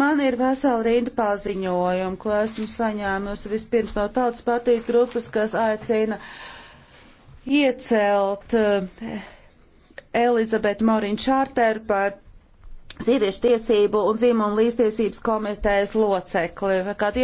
Man ir vesela rinda paziņojumu, ko esmu saņēmusi vispirms no Tautas partijas grupas, kas aicina iecelt eh, Elizabeti Morinu Čārteru par sieviešu tiesību un dzimumu līdztiesības komitejas locekli.